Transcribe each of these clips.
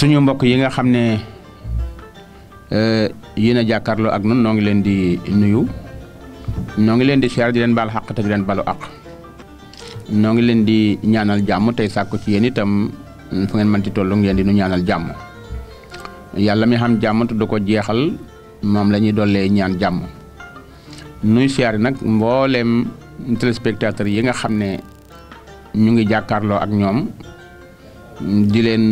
suñu mbokk yi nga xam ne euh, yéen a jàkkaarloo ak nun noo ngi leen di nuyu noo ngi leen di siyaar di leen baal xaq te di leen balu àq noo ngi leen di ñaanal jàmm tey sàkku ci yéen itam fu ngeen mën ci tollu ngeen di nu ñaanal jàmm yàlla mi xam jàmm te ko jeexal moom la ñuy dollee ñaan jàmm nuy siyaar nag mbooleem téléspectateurs yi nga xam ne ñu ngi jàkkaarloo ak ñoom di leen.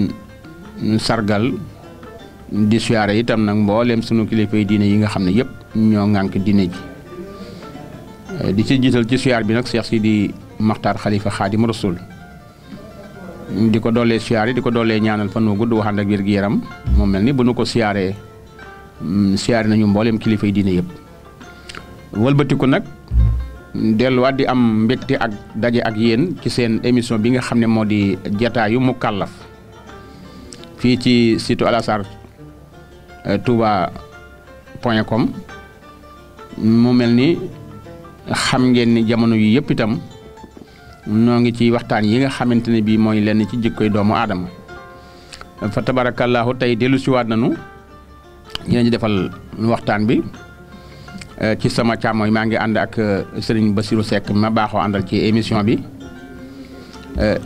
sargal di siyaare itam nag mbooleem sunu kilifay diine yi nga xam ne yëpp ñoo ŋànk diine ji eh, di si jiital ci siyaar bi nag si di Maxtaar Xalifa Xaadim Rasul di ko doolee siyaare di ko doolee ñaanal fan wu gudd waxaan ak wér-gu-yaram moo mel ni bu nu ko siyaaree mm, siyaare nañu mbooleem kilifay diine yëpp walbatiku nag delluwaat di am mbégte ak daje ak yéen ci seen émission bi nga xam ne moo di jataayu mu kàllaf fii ci site Alasar euh, Touba point com mu mel ni xam ngeen ni jamono yi yëpp itam ñoo ngi ci waxtaan yi nga xamante ne bii mooy lenn ci jikkoy doomu aadama fa tabarakallahu tey dellu siwaat nañu ñu defal waxtaan bi euh, ci sama càmmooñ maa ngi ànd ak euh, sëriñ Bassirou Seck ma baaxoo àndal ci émission bi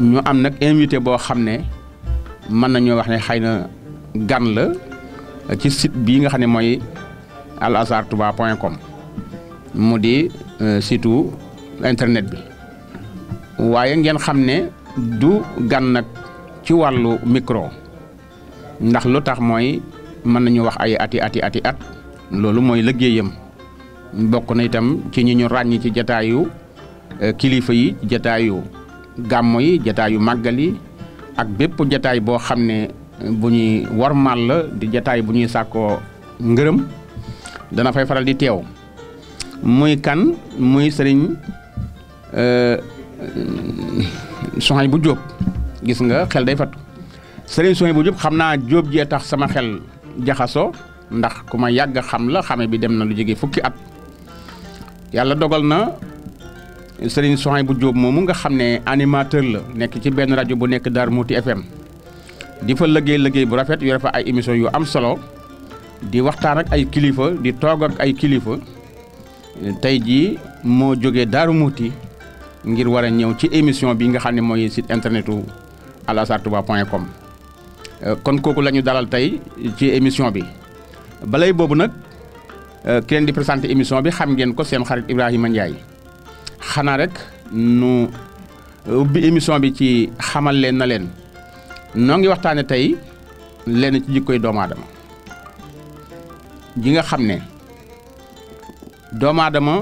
ñu am nag invité boo xam ne. mën nañoo wax ne xëy na gan la ci site bii nga xam ne mooy al azhar point com mu di euh, site internet bi waaye ngeen xam ne du gan nag ci wàllu micro ndax lu tax mooy mën nañu wax ay ati ati ati at loolu mooy liggéeyam bokk na itam ci ñi ñu ràññi ci jataayu euh, kilifa yi jataayu gàmmo yi jataayu màggal yi ak bépp jataay boo xam ne bu ñuy warmal la di jataay bu ñuy sàkkoo ngërëm dana fay faral di teew muy kan muy sëriñ soxay bu jóob gis nga xel day fattu sëriñ soxay bu jóob xam naa jóob jee tax sama xel jaxaso ndax ku ma yàgg xam la xame bi dem na lu jege fukki at yàlla dogal na Serigne bu jóob moomu nga xam ne animateur la nekk ci benn rajo bu nekk muuti e FM di fa liggéey liggéey bu rafet yore fa ay émission yu am solo di waxtaan ak ay kilifa di toog ak ay kilifa tey jii moo jóge Darou muuti ngir war ñëw ci émission bi nga xam ne mooy site internetu alazhartouba.com euh, kon kooku la ñu dalal tey ci émission bi bala balay boobu nag euh, ki leen di présenté émission bi xam ngeen ko seen xarit Ibrahima Ndiaye. xanaa rek nu ubbi émission bi ci xamal leen na leen noo ngi waxtaane tey lenn ci doomu aadama ji nga xam ne doomu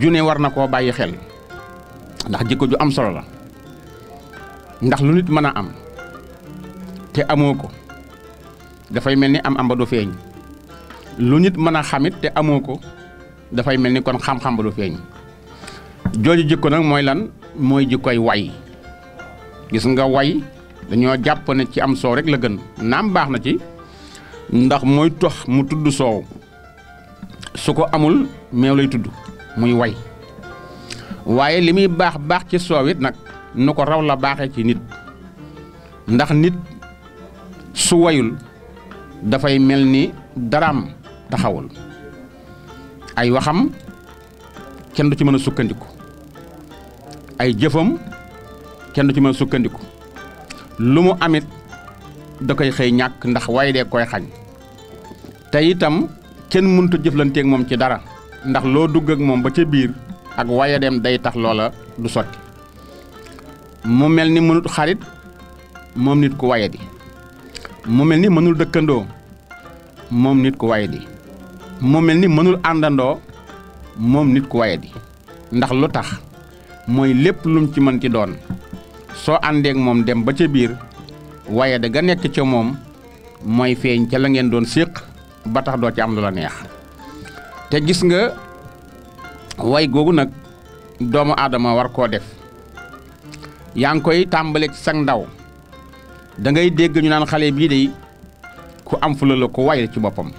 june war na koo bàyyi xel ndax jikko ju am solo la ndax lu nit mën a am te amoo ko dafay mel ni am am ba du feeñ lu nit mën a xamit te amoo ko dafay mel ni kon xam-xam ba du feeñ jooju jikko nag mooy lan mooy jikkoy way gis nga way dañoo jàpp ne ci am soow rek la gën naam baax na ci ndax mooy tax mu tudd soow su ko amul meew lay tudd muy way waaye li muy baax baax ci soow it nag nu ko raw la baaxee ci nit ndax nit su wayul dafay mel ni daraam taxawul ay waxam kenn du ci mën a sukkandiku ay jëfam kenn du ci mën a sukkandiku lu mu amit da koy xëy ñàkk ndax way dee koy xañ te itam kenn mënut jëflanteek moom ci dara ndax loo dugg ak moom ba ca biir ak waye dem day tax loola du sotti mu mel ni mënut xarit moom nit ku waye di mu mel ni mënul dëkkandoo moom nit ku waye di mu mel ni mënul àndandoo moom nit ku di ndax lu tax mooy lépp lum ci mën ci doon soo àndeek moom dem ba ca biir waye da ga nekk ca moom mooy feeñ ca la ngeen doon séq ba tax doo ci am lu la neex te gis nga way googu nag doomu aadama war koo def yaa ngi koy tàmbaleek ci ndaw dangay ngay dégg ñu naan xale bii de ku am fula la ko way ci boppam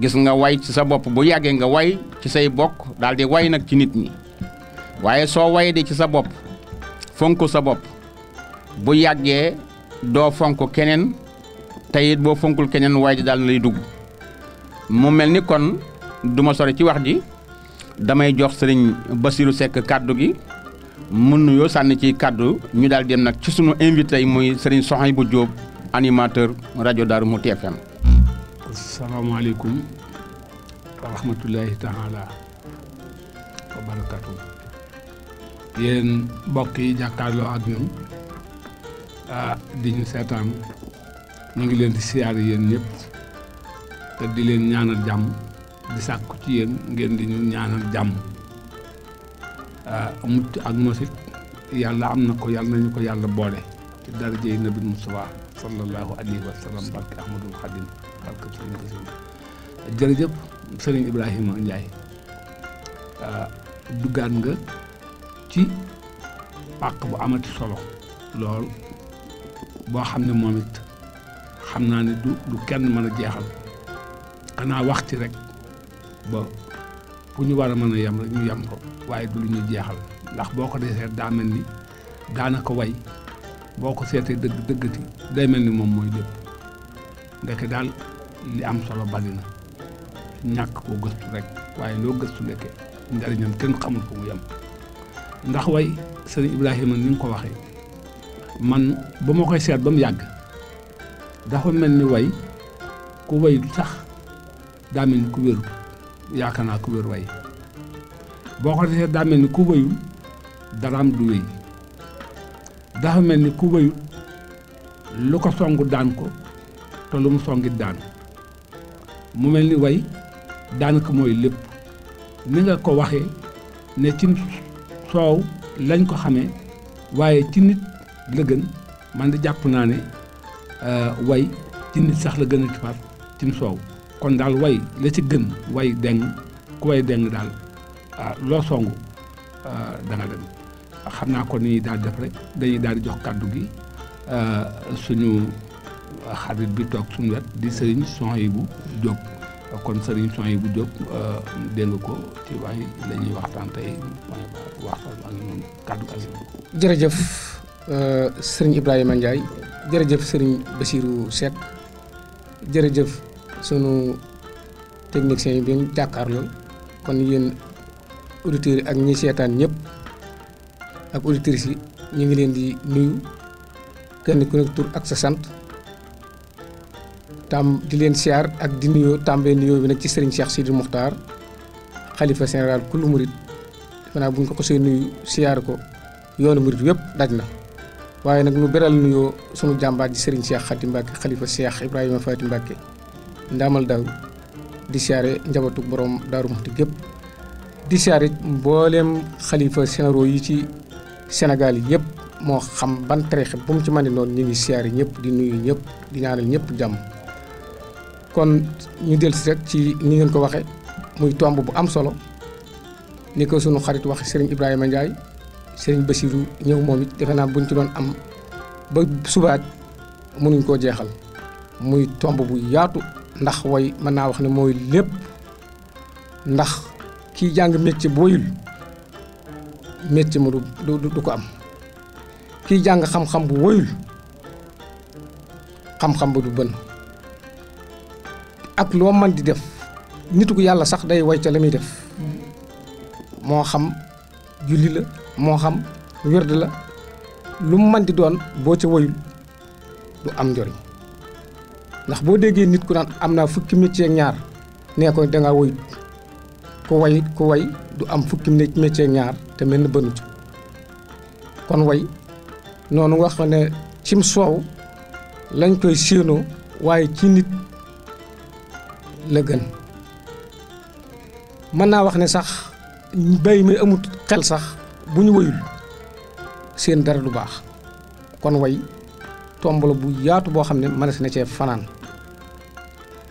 gis nga way ci sa bopp bu yàggee nga way ci say bokk daal di way nag ci nit ñi waaye soo way di ci sa bopp fonk sa bopp bu yàggee doo fonk keneen te boo fonkul keneen way di daal lay dugg mu mel ni kon duma ma ci wax ji damay jox sëriñ Basiru sekk kàddu gi mun nuyoo sànni ci kàddu ñu daal dem nag ci sunu invité muy sëriñ Soxay bu Jóob animateur rajo Daaru Muxti FM asalaamaaleykum wa rahmatullahi taala wa barakatu yéen mbokk yi jàkkaarloo ak ñun ah di ñu seetaan ñu ngi leen di siyaare yéen ñëpp te di leen ñaanal jàmm di sàkku ci yéen ngeen di ñu ñaanal jàmm ah, mucc ak mosit yàlla am na ko yàlla ñu ko yàlla boole ci darajey nabi Mustafa sallallahu alayhi wa sallam barke Ahmadul Xadim barke Sëriñ Basiru jërëjëf Sëriñ njaay Ndiaye ah, duggaan nga ci pàq bu amati solo lool boo xam ne moom it xam naa ne du du kenn mën a jeexal xanaa wax ci rek ba fu ñu war a mën a yem rek ñu yam ko waaye du lu ñu jeexal ndax boo ko dee seet daa mel ni daanaka way boo ko seetee dëgg dëggati day mel ni moom mooy lépp ndeke daal li am solo bari ñàkk ko gëstu rek waaye loo gëstu lekke njariñam kenn xamul fu mu ndax way sëriñ Ibrahima ni nga ko waxee man ba ma koy seet ba mu yàgg dafa mel ni way ku way sax daa mel ni ku wérul yaakaar naa ku wér way boo ko seet daa ni ku wéyul daraam du wéy dafa mel ni ku wéyul lu ko song daan ko te lu mu songit daan mu mel ni way daanaka mooy lépp ni nga ko waxee ne ci soow lañ ko xamee waaye ci nit la gën man di jàpp naa ne euh, way ci nit sax la gën a ci far soow kon daal way la ci gën way deng ku woy deng daal ah, loo songu ah, da dem xam naa ko ni daal def rek dañuy daal di jox kàddu gi euh, suñu xarit bi toog suñu wet di sëriñ Souhaïbou Diop kon sëriñ Souhaïbou Diop euh, dégg ko ci waaye la ñuy waxtaan tey waxtaan ak ñoom kàddu gi. jërëjëf euh, sëriñ Ibrahima Ndiaye jërëjëf sëriñ Bassirou Seck jërëjëf sunu technicien bi ñu jàkkaarloo kon yéen auditeurs yi ak ñi seetaan ñëpp ak auditrices yi ñu ngi leen di nuyu kenn ku tur ak sa sant. tam di leen siyaar ak di nuyoo tàmbee nuyoo bi nag ci sëriñ Cheikh Sidi Muxtaar xalifa général kullu murit defe bu ñu ko xasee nuyu siyaar ko yoonu murit yëpp daj na waaye nag nu beral nuyoo sunu jàmbaar ji sëriñ Cheikh Xati Mbàkke xalifa Cheikh Ibrahima Fati Mbàkke ndaamal daaw di siyaare njabootu borom Daaru Muxti gépp di siyaare mbooleem xalifa généraux yi ci Sénégal yi yëpp moo xam ban tariixa bu mu ci mën di noonu ñu ngi siyaare ñëpp di nuyu ñëpp di ñaanal ñëpp jàmm kon ñu del si rek ci ni ngeen ko waxe muy tomb bu am solo ni ko sunu xarit wax sëriñ Ibrahima njaay sëriñ Bassirou ñëw moom it defe naa buñ ci doon am ba subaat mënuñ koo jeexal muy tomb bu yaatu ndax woy mën naa wax ne mooy lépp ndax kii jàng métier booyul métier mu du du ko am kii jàng xam-xam bu woyul xam-xam bu du bën ak loo man di def nit ku yàlla sax day woy ca la muy def moo xam julli la moo xam wérd la lu mu man di doon boo ca wayul du am njëriñ ndax boo déggee nit ku naan am na fukki métier ñaar nee koy danga wayut ku way ku way du am fukki métier ak ñaar te mel ni bënut kon way noonu nga xam ne cim soow lañ koy séenoo waaye ci nit la gën mën naa wax ne sax bay mi amut xel sax bu ñu wayul seen dara du baax kon way tomb la bu yaatu boo xam ne mënees na cee fanaan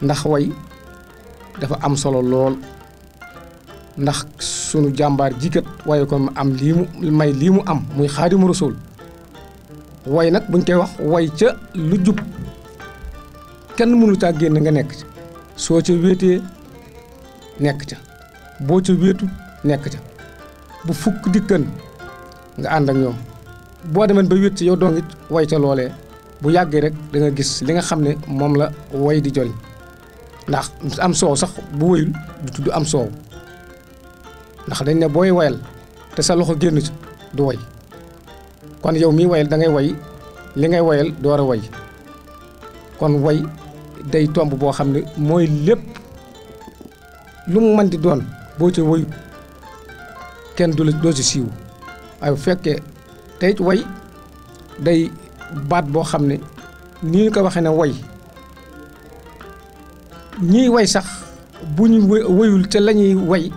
ndax way dafa am solo lool ndax sunu jàmbaar jikat waaye kon am lii mu may lii mu am muy xaadimu rasul way nag buñ koy wax woy ca lu jub kenn mënu caa génn nga nekk soo ca wéetee nekk ca boo ca wéetu nekk ca bu fukk dikkan nga ànd ak ñoom boo demee ba wéet ci yow dong it way ca loolee bu yàggee rek da nga gis li nga xam ne moom la woy di jëriñ ndax am soow sax bu wéyul du tudd am soow ndax dañ ne booy wayal te sa loxo génn ci du way kon yow miy wayal da ngay way li ngay wayal door a way kon way day tomb boo xam ne mooy lépp lu mu mën di doon boo ca woyut kenn du la doo ci siiw ay fekkee tey woy day baat boo xam ne nii ñu ko waxee ne woy ñiy woy sax bu ñu woyul ca la ñuy way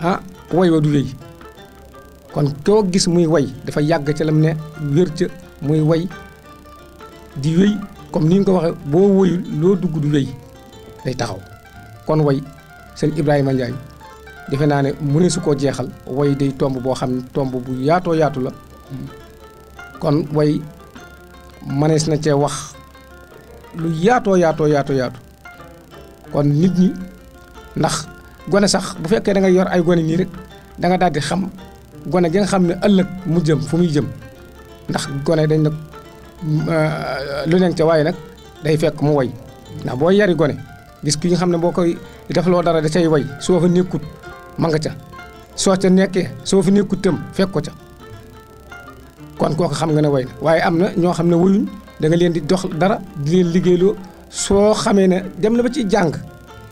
ah way wa du yëy kon koo gis muy woy dafa yàgg ca lam ne wér ca muy way di wéy comme ni ko waxee boo woyul loo dugg du wéy day taxaw kon way sëñ Ibrahima Ndiaye defe naa ne mu koo jeexal way day tomb boo xam ne tomb bu yaatoo yaatu la kon way manees na cee wax lu yaatoo yaatoo yaatoo yaatu kon nit ñi ndax gone sax bu fekkee dangay yor ay gone nii rek da daal di xam gone gi nga xam ne ëllëg mu jëm fu muy jëm ndax gone dañ na lu nekk ca waaye nag day fekk mu woy ndax boo yari gone gis ki nga xam ne boo koy def dara da cay woy soo fa nekkut ma nga ca soo ca nekkee soo fa nekkut tam fekk ko ca kon kooku xam nga ne woy na waaye am na ñoo xam ne wayuñ da nga leen di dox dara di leen liggéeyloo soo xamee ne dem na ba ci jàng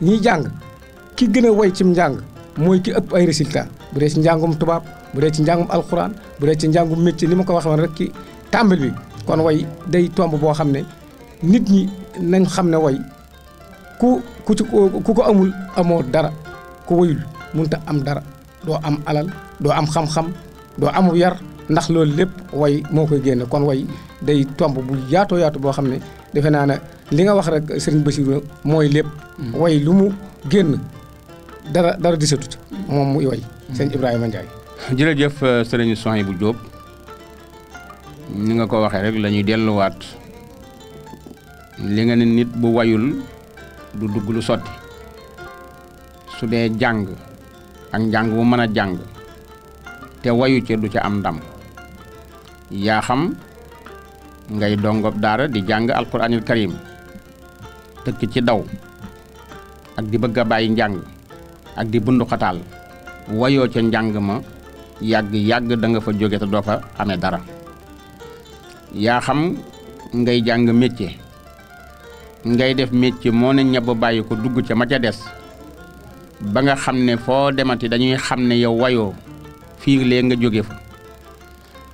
ñiy jàng ki gën a way cim njàng mooy ki ëpp ay résultat bu dee ci njàngum tubaab bu dee ci njàngum alxuraan bu dee ci njàngum métier ni ma ko waxee rek ki tàmbali kon way day tomb boo xam ne nit ñi nañ xam ne way ku ku ci ku ko amul amoo dara ku wayul mënut a am dara doo am alal doo am xam-xam doo amu yar ndax loolu lépp way moo koy génn kon way day tomb bu yaatoo yaatu boo xam ne defe naa ne li nga wax rek Serigne Bassirou mooy lépp. Mm. way lu mu génn dara dara di satut moom muy way. Mm. Serigne Ibrahima Ndiaye. jërëjëf yi bu Diop. ni nga ko waxee rek lañuy delluwaat li nga ne nit bu wayul du dugg lu sotti su dee jàng ak njàng bu mën a jàng te wayu ca du ca am ndam yaa xam ngay dongob daara di jàng alquranil karim tëkk ci daw ak di bëgg a bàyyi njàng ak di bunduxataal xataal wayoo ca njàng ma yàgg-yàgg danga fa jóge te doo fa amee dara yaa xam ngay jàng métier ngay def métier moo ne ñebb bàyyi ko dugg ca ma ca des ba nga xam ne foo demati dañuy xam ne yow wayoo fii lee nga jóge fa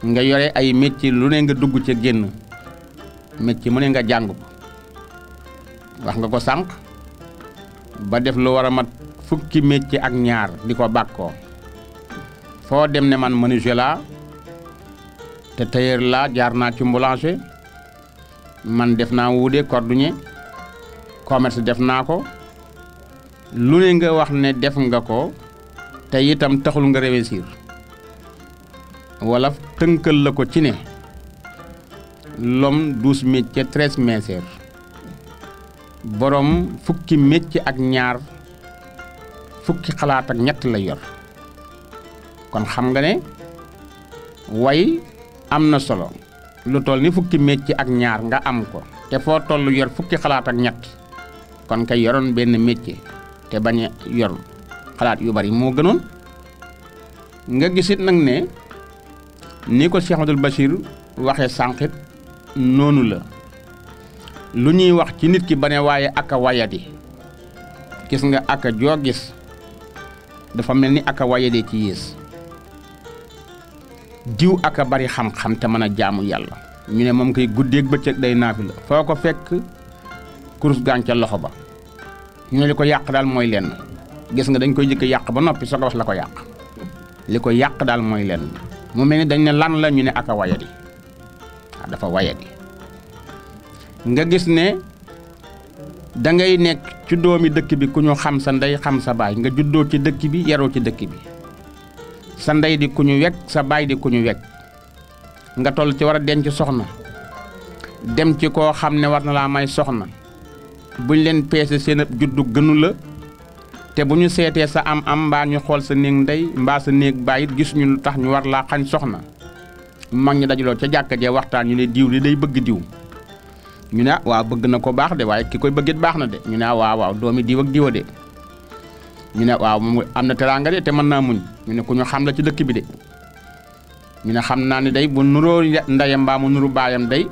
nga yore ay métier lu ne nga dugg ca génn métier mu ne nga jàng wax nga ko sànq ba def lu war a mat fukki métier ak ñaar di ko bàkkoo foo dem ne man menuisier te tailleur laa jaar naa ci boulanger man def naa wuude cordonnier commerce def naa ko lu ne nga wax ne def nga ko te itam taxul nga réussir wala tënkal la ko ci ne lom douze métiers treize boroom borom fukki métier ak ñaar fukki xalaat ak ñett la yor kon xam nga ne way am na solo lu toll ni fukki métier ak ñaar nga am ko te foo toll yor fukki xalaat ak ñett kon kay yoroon benn métier te bañ a yor xalaat yu bari moo gënoon nga gisit nag ne ni ko Cheikh Abdoul waxe waxee noonu la lu ñuy wax ci nit ki bane waaye ak a wayadi gis nga ak a joo gis dafa mel ni ak a wayadi ci yées diw ak bari xam-xam te mën a jaamu yàlla ñu ne moom koy guddeeg bëccëg day naafi la foo ko fekk kurus gaañ ca loxo ba ñu ne li ko yàq daal mooy lenn gis nga dañ koy jëkk yàq ba noppi soo ko wax la ko yàq li ko yàq daal mooy lenn mu mel ni dañ ne lan la ñu ne ak a wayadi dafa wayadi nga gis ne dangay nekk ci doomi dëkk bi ku ñu xam sa ndey xam sa baay nga juddoo ci dëkk bi yaroo ci dëkk bi sa ndey di ku ñu wekk sa baay di ku ñu wekk nga toll ci war a denc soxna dem ci koo xam ne war na laa may soxna buñ leen peese seen ab juddu gënu la te bu ñu seetee sa am am mbaa ñu xool sa néeg ndey mbaa sa néeg baay gisuñu gis lu tax ñu war laa xañ soxna mag ñi dajaloo ca jàkka jee waxtaan ñu ne diw li day bëgg diw ñu ne ah, waa bëgg na ko baax de waaye ki koy bëggit baax na de ñu ne ah, waaw waaw doomi diw ak diwa de ñu ne waaw moom am na teraanga de te mën naa muñ ñu ne ku ñu xam la ci dëkk bi de ñu ne xam naa ne day bu nuroo ndeyam mbaa mu nuru baayam day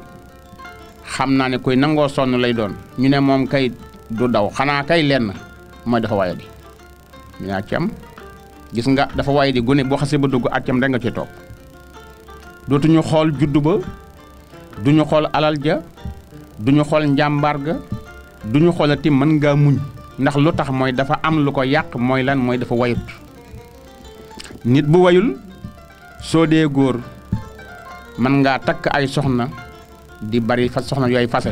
xam naa ne kuy nangoo sonn lay doon ñu ne moom kay du daw xanaa kay lenn mooy dafa waye di ñu ne accam gis nga dafa waye di gune boo xasee ba dugg accam rek nga ci toog dootuñu xool juddu ba duñu xool alal ja duñu xool njàmbaar ga duñu xoolati mën ngaa muñ ndax lu tax mooy dafa am lu ko yàq mooy lan mooy dafa wayut nit bu wayul soo dee góor mën ngaa takk ay soxna di bari fa soxna yooyu fase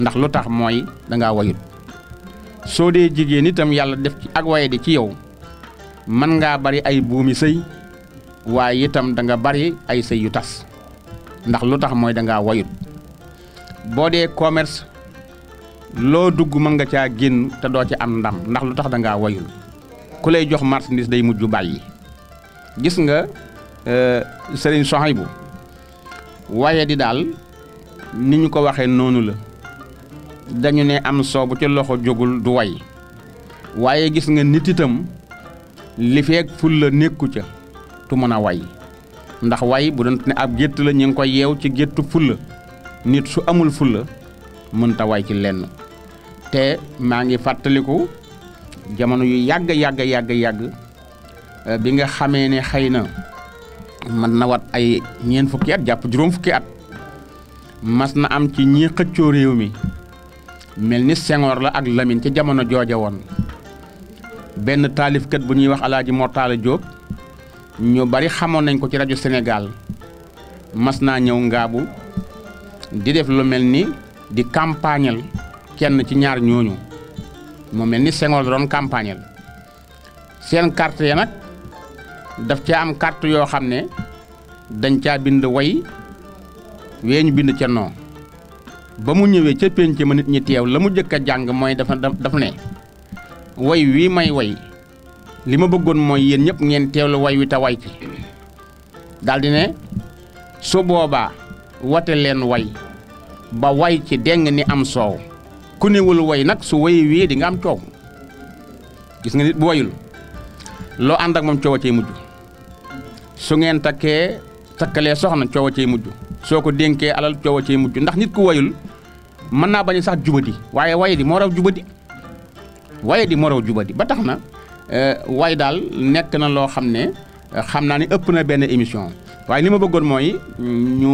ndax lu tax mooy danga wayut soo dee jigéenitam yàlla def ci ak waye di ci yow mën ngaa bari ay buumi sëy waaye itam danga bari ay sëy yu tas ndax lu tax mooy danga wayut boo dee commerce loo dugg mën nga caa génn te doo ci am ndam ndax lu tax da ngaa wayul ku lay jox marchandise day mujj bàyyi gis nga euh, sëriñ Sohaybu waye di daal ni ñu ko waxee noonu la dañu ne am soobu ci loxo jógul du way waaye gis nga nit itam li feeg ful la nekku ca tu mën a way ndax way bu doon ne ab gétt la ñu ngi ko yeew ci géttu fulla nit su amul fulla mënta waay ci lenn te maa ngi fàttaliku jamono yu yàgg yàgg yàgg yàgg euh, bi nga xamee ne xëy na mën na wat ay ñeent fukki at jàpp juróom fukki at mas na am ci ñi xëccoo réew mi mel ni sengoor la ak Lamine ca jamono jooja woon benn taalifkat bu ñuy wax Alaaji Mortala Diop ñu bari xamoon nañ ko ci raju Sénégal mas naa ñëw ngaabu di def lu mel ni di campagnal kenn ci ñaar ñooñu moo mel ni Senghor la doon seen carte ya nag daf caa am carte yoo xam ne dañ caa bind way weeñu bind ca non ba mu ñëwee ca pénc ma nit ñi teew la mu jëkk a jàng mooy dafa daf ne way wii may way li ma bëggoon mooy yéen ñëpp ngeen teewlu way wi te way ci daldi ne soo boobaa wate leen way ba way ci deng ni am soow ku newul way nag su way wii di nga am coow gis nga nit bu wayul loo ànd ak moom coow a cay mujj su ngeen takkee takkalee soxna coow a cay mujj soo ko dénkee alal coow a cay mujj ndax nit ku wayul mën naa bañ sax jubadi waaye way di moo raw jubadi waye di moo raw jubadi ba tax na eh, way daal nekk na loo xam ne eh, xam naa ne ëpp na benn émission waaye li ma bëggoon mooy mm, ñu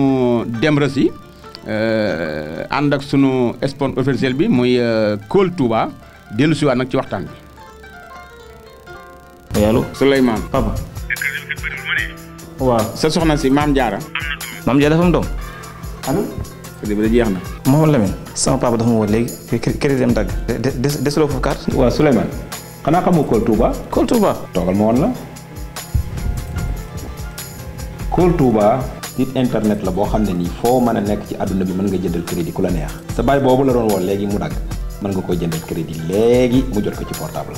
dem rësi Euh, ànd ak sunu sponsor officiel bi mooy euh, Kool Touba dellu si waat nag ci waxtaan bi. allo Souleymane papa. sa soxna si maam Diarra. maam Diarra dafa doom. allo. kër ba jeex na. Mouhamadou Lamine. sama papa dafa ma des desuloo foofu carte. xanaa xamoo Kool Touba. Kool Touba. toogal ma la. Kool Touba. site internet la boo xam ne nii foo mën a nekk ci àdduna bi mën nga jëndal crédit ku la neex sa baay boobu la doon woo léegi mu dagg mën nga ko jëndal crédit léegi mu jot ko ci portable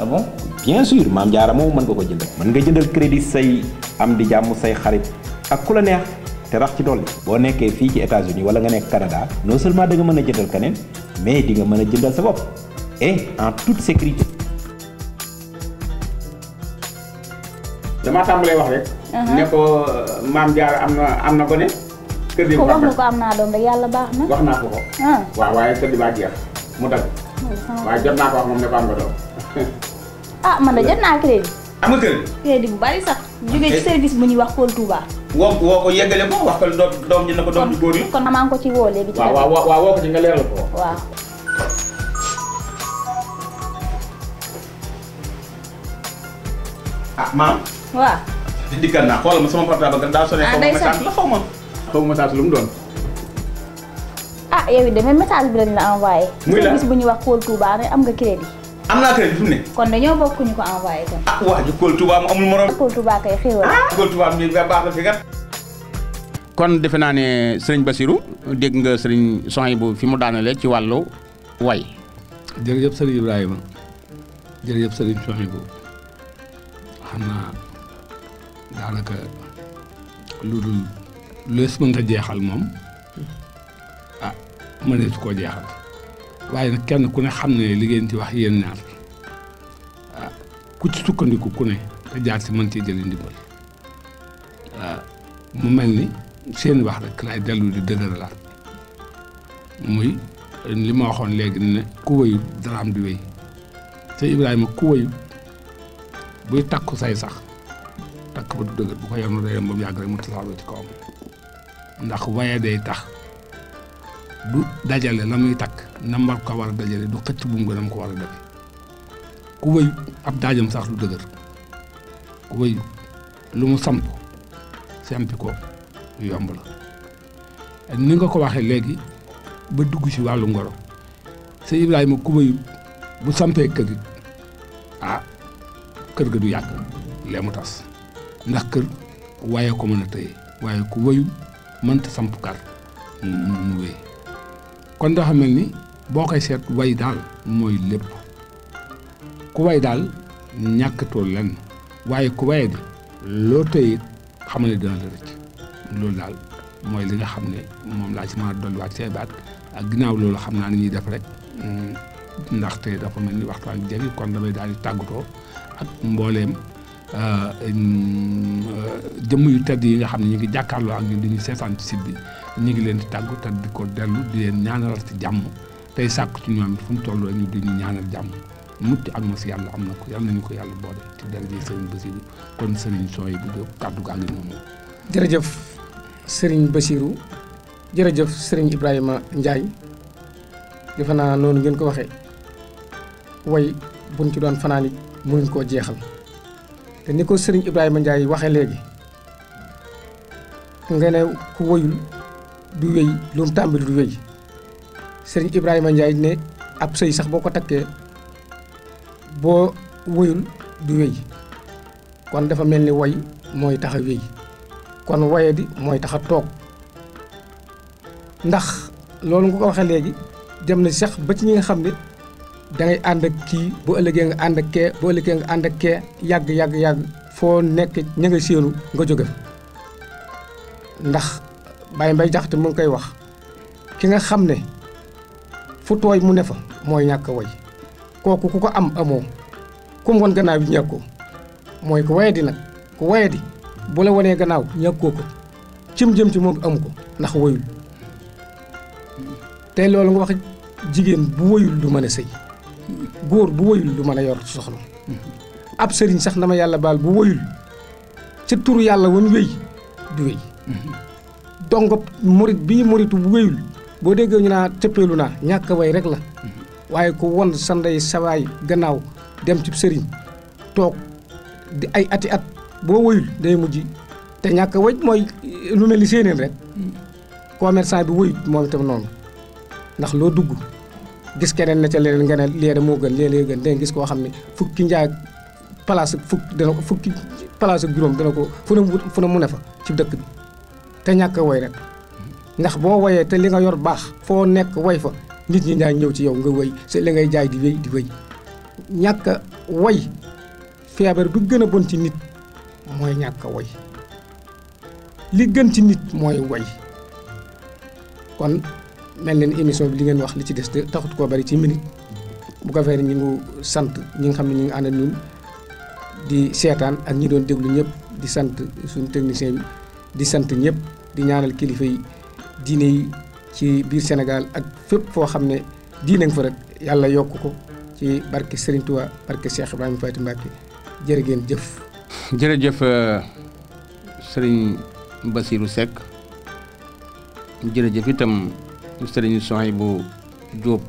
ah bon bien sûr maam jaara moom mën nga ko jëndal mën nga jëndal crédit say am di jàmm say xarit ak ku la neex te rax ci dolli boo nekkee fii ci États-Unis wala nga nekk Canada non seulement da nga mën a jëndal keneen mais di nga mën a jëndal sa bopp en toute sécurité damaa lay wax rek. Uh-huh. ne ko euh, maam Diarra am na am na gone. kër gi mu na ko am naa doom rek yàlla baax na. wax naa ko ko. Ah. waaw waaye kër gi baa jeex mu dagg. waaye jot naa ko wax moom ne ko am nga doom. Ah, bu bari sax. jógee ci service bu ñuy wax ko yeggale ko wax na ko ko ci woo léegi. ci waaw waaw ah maam. waaw. di diggal naa xoolal ma sama portable ba daa sonné. ah day la xaw ma. xaw ma message mu doon. ah yow it demee message bi lañ la envoyé. muy la gis bu ñuy wax am nga crédit. am naa ne. Ah, ah, ah, kon defe naa ne sëriñ Basirou dégg nga sëriñ Souhaïbou fi mu daanalee ci wàllu way. jërëjëf sëriñ Ibrahima daanaka lu dul lees mënta jeexal moom ah mëneesu koo jeexal waaye nag kenn ku ne xam ne li ngeen ci wax yéen ñaar ah ku ci sukkandiku ku ne te jaar si mën cee jëli ndimbal ah, mu mel ni seen wax rek laay dellu di dëgëralaat muy li ma waxoon léegi ne ku wëyu daraam di wéy te Ibrahima ku wëyu buy takku say sax takk ba du dëgër bu ko yenu day dem ba mu yàgg rek mu tasaaroo ci kawam ndax waye day tax du dajale la muy takk nam war ko war a dajale du xëcc bu mu gën ko war a def ku wéy ab daajam sax du dëgër ku wéy lu mu samp sempi ko yomb la ni nga ko waxee léegi ba dugg ci wàllu ngoro sëñ Ibrahima ku wéy bu sampee kër gi ah kër ga du yàgg lee mu tas ndax kër waaye ko mën a tëye waaye ku wëyul mënta samp mu mu kon dafa mel ni boo koy seet way daal mooy lépp ku way daal ñàkkatoo lenn waaye ku waye di loo tëye xam ne dina la rëcc loolu daal mooy li nga xam ne moom laa ci mën a dolliwaat see ak ginnaaw loolu xam naa ni ñuy def rek mm, ndaxte dafa mel ni waxtaan bi jafe kon damay daal di tàggatoo ak mbooleem Euh, euh, jëmm yu tedd yi nga xam ne ñu ngi jàkkaarloo ak ñun di ñu seetaan ci site bi ñu ngi leen di tàggu te di ko dellu di leen ñaanalal ci jàmm tey sàkk ci ñoom fu mu toll ñu di ñu ñaanal jàmm mucc ak mos yàlla am na ko yàlla nañu ko yàlla boole ci daraja sëriñ Basiru kon sëriñ sooy bu jóg kàddu gaa ngi noonu. jërëjëf sëriñ Basiru jërëjëf sëriñ Ibrahima njaay defe naa noonu ngeen ko waxee way buñ ci doon fanaan it mënuñ koo jeexal. te ni ko sëriñ Ibrahima Ndiaye waxee léegi nga ne ku wëyul du wéy lu mu tàmbali du wéy sëriñ Ibrahima Ndiaye ne ab sëy sax boo ko takkee boo wëyul du wéy kon dafa mel ni woy mooy tax a wéy kon woye di mooy tax a toog ndax loolu nga ko waxee léegi dem na sax ba ci ñi nga xam ne dangay ànd ak kii bu ëllëgee nga ànd ak kee bu ëllëgee ànd ak kee yàgg yàgg yàgg foo nekk ña nga séenu nga jóge ndax Baye Mbaye Jaxate mu ngi koy wax ki nga xam ne fu tooy mu ne fa mooy ñàkk way kooku ku ko am amoo ku mu won gannaaw ñàkkoo mooy ku waye di nag ku waye di bu la wanee gannaaw ñàkkoo ko cim jëm ci moom amu ko ndax woyul te loolu nga wax jigéen bu woyul du mën a sëy góor bu woyul du mën a yor soxna ab sëriñ sax na ma yàlla baal bu woyul ca turu yàlla woon wéy du wéy donc murit bii muritu bu wéyul boo déggee ñu naa cëppeelu naa ñàkk way rek la waaye ku won sa ndey sawaay gannaaw dem ci sëriñ toog di ay ati at boo woyul day mujj te ñàkk way mooy lu mel ni séeneen rek mm. commerçant bi woyut moom itam noonu ndax loo dugg gis keneen na ca leneen nga ne lee moo gën lee gën danga gis koo xam ne fukki njaag place fukki dana fukki place ak juróom dana ko fu ne fu ne mu ne fa ci dëkk bi te ñàkk woy rek ndax boo woyee te li nga yor baax foo nekk woy fa nit ñi ñaa ñëw ci yow nga woy sa li ngay jaay di wéy di ñàkk woy feebar bi gën a bon ci nit mooy ñàkk woy li gën ci nit mooy woy kon mel na ni émission bi li ngeen wax li ci des te taxut ko bari ci minute bu ko fee ñu ngi sant ñi nga xam ne ñu ngi ànd ak di seetaan ak ñi doon déglu ñëpp di sant suñu technicien bi di sant ñëpp di ñaanal kilifa yi diine yi ci biir Sénégal ak fépp foo xam ne diine nga fa rek yàlla yokk ko ci barke Serigne Touba barke Cheikh Ibrahima Faty Mbacké jërë ngeen jëf. jërëjëf euh, Serigne Bassirou Seck jërëjëf itam. sëriñ Souhaïbou Diop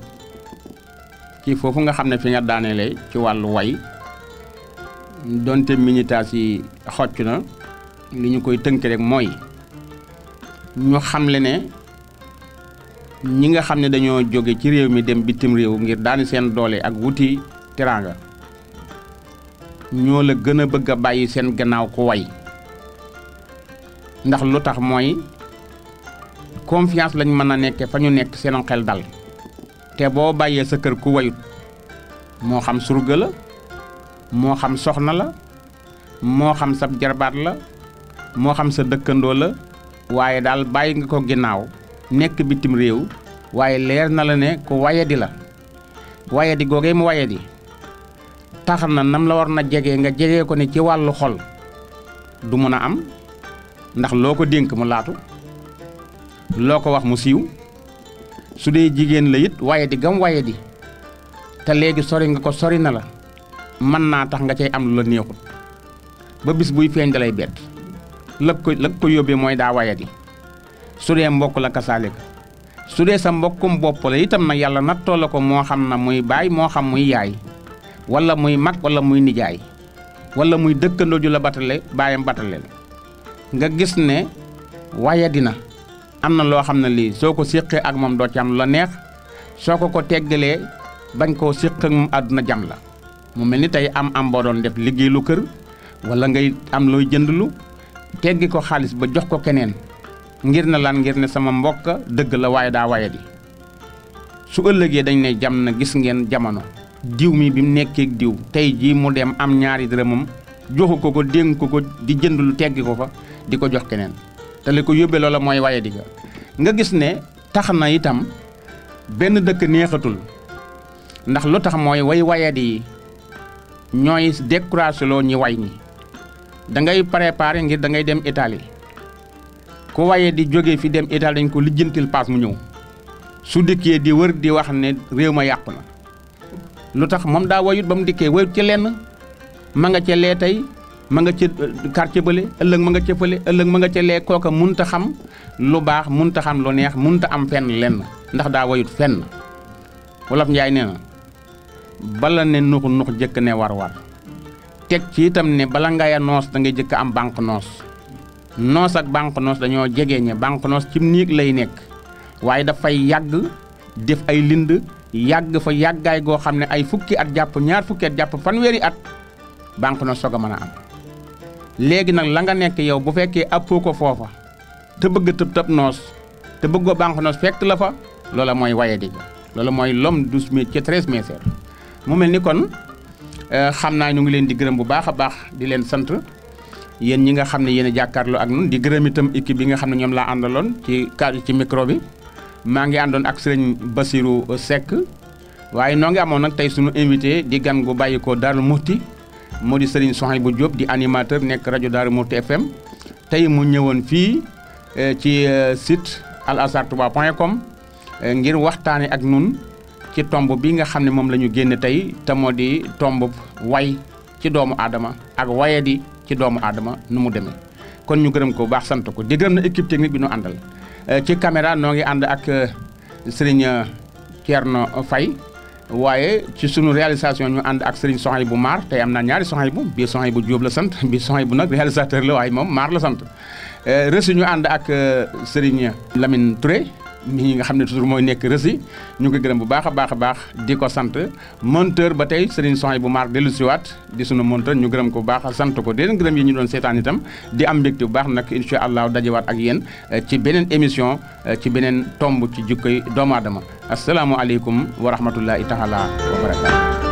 ci foofu nga xam ne fi nga daaneele ci wàllu way donte minitaas yi xocc na li ñu koy tënk rekk mooy ñu xamle ne ñi nga xam ne dañoo jóge ci réew mi dem bitim réew ngir daani seen doole ak wuti teraanga ñoo la gën a bëgg a bàyyi seen gannaaw ku way ndax lu tax mooy confiance lañ mën a nekkee fa ñu nekk seen xel dal te boo bàyyee sa kër ku wayut moo xam surga la moo xam soxna la moo xam sa jarbaat la moo xam sa dëkkandoo la waaye daal bàyyi nga ko ginnaaw nekk bitim réew waaye leer na la ne ku wayadi la wayadi googee mu waye di tax na nam la war na jege nga jege ko ne ci wàllu xol du mën a am ndax loo ko dénk mu laatu loo ko wax mu siiw su dee jigéen la it waaye di gam waaye di te léegi sori nga ko sori na la mën naa tax nga cay am lu la neexut ba bis buy feeñ dalay bett lëg ko ko yóbbee mooy daa waaye di su dee mbokk la kasaalik su dee sa mbokkum bopp la itam na yàlla nattoo ko moo xam na muy baay moo xam muy yaay walla muy mag wala muy nijaay walla muy dëkkandoo ju la batale baayam batale la nga gis ne waaye dina am na loo xam ne lii soo ko séqee ak moom doo ci am la neex soo ko ko teggalee bañ koo séq ak moom àdduna jam la mu mel ni tey am am boo doon def liggéey lu kër walla ngay am looy jëndlu lu teggi ko xaalis ba jox ko keneen ngir ne lan ngir ne sama mbokk dëgg la waaye daa waye di su ëllëgee dañ ne jam na gis ngeen jamono diw mi bi mu nekkee diw tey jii mu dem am ñaari moom joxu ko ko dénk ko ko di jënd lu teggi ko fa di ko jox keneen te li ko yóbbee loola mooy waaye di nga gis ne tax na itam benn dëkk neexatul ndax lu tax mooy way wayadi yi ñooy découragé loo ñi way ñi dangay ngay ngir dangay ngay dem Italie ku waye di jóge fi dem Italie dañ ko lijjantil paas mu ñëw su dikkee di wër di wax ne réew ma yàqu na lu tax moom daa wayut ba mu dikkee wayut ci lenn ma nga ca lee tey ma nga ca euh, quartier bële ëllëg ma nga ca ëllëg ma nga ca lee kooka munta xam lu baax munta xam lu neex munta am fenn lenn ndax daa wayut fenn wolof njaay nee na bala ne nux nux jëkk ne war war teg ci itam ne bala ngay a noos da ngay jëkk am banque noos noos bànq banque noos dañoo jege ñe banque noos cim néeg lay nekk waaye dafay yàgg def ay lind yàgg fa yàggaay goo xam ne ay fukki at jàpp ñaar fukki at jàpp fanweeri at banque noos soog a mën a am léegi nag la nga nekk yow bu fekkee appoo ko foofa te bëgg a tëb tëb noos te bëgg a bànq noos fekk la fa loola mooy waye di loola mooy l'homme douze métiers treize métiers mu mel ni kon euh, xam naa ñu ngi leen di gërëm bu baax a baax di leen sant yéen ñi nga xam ne yéen a jàkkaarloo ak ñun di gërëm itam équipe bi nga xam ne ñoom laa àndaloon ci kàddu ci micro bi maa ngi àndoon ak sëriñ Basirou Seck waaye noo ngi amoon nag tey suñu invité di gan gu bàyyi ko daal Mouhty moo di Serigne bu Diop di animateur nekk rajo Darou Mouhty FM tey mu ñëwoon fii eh, ci eh, site al azhar touba point com eh, ngir waxtaane ak nun ci tomb bi nga xam ne moom la ñu génn tey te moo di tomb way ci doomu aadama ak waye di ci doomu aadama nu mu demee kon ñu gërëm ko baax sant ko di gërëm na équipe technique bi ñu àndal ci caméra noo ngi ànd ak Serigne Thierno Faye waaye ci sunu réalisation ñu ànd ak Serigne Sohaybou Maar tey am na ñaari Sohaybou bii Sohaybou Diop la sant bii bu nag réalisateur la waaye moom Maar la sant eh, reçu ñu ànd ak eh, Serigne Lamine Touré. mii nga xam ne toujours mooy nekk rësi ñu ngi ko gërëm bu baax a baax a baax di ko sant monteur ba tey Serigne Soxay bu maar dellu siwaat di sunu monteur ñu gërëm ko bu baax sant ko déneen gërëm yi ñu doon seetaanitam di am mbégte bu baax nag incha allah dajewaat ak yéen eh, ci beneen émission eh, ci beneen tomb ci jikkoy doomu aadama asalaamualeykum wa rahmatullahi taala wa barakatu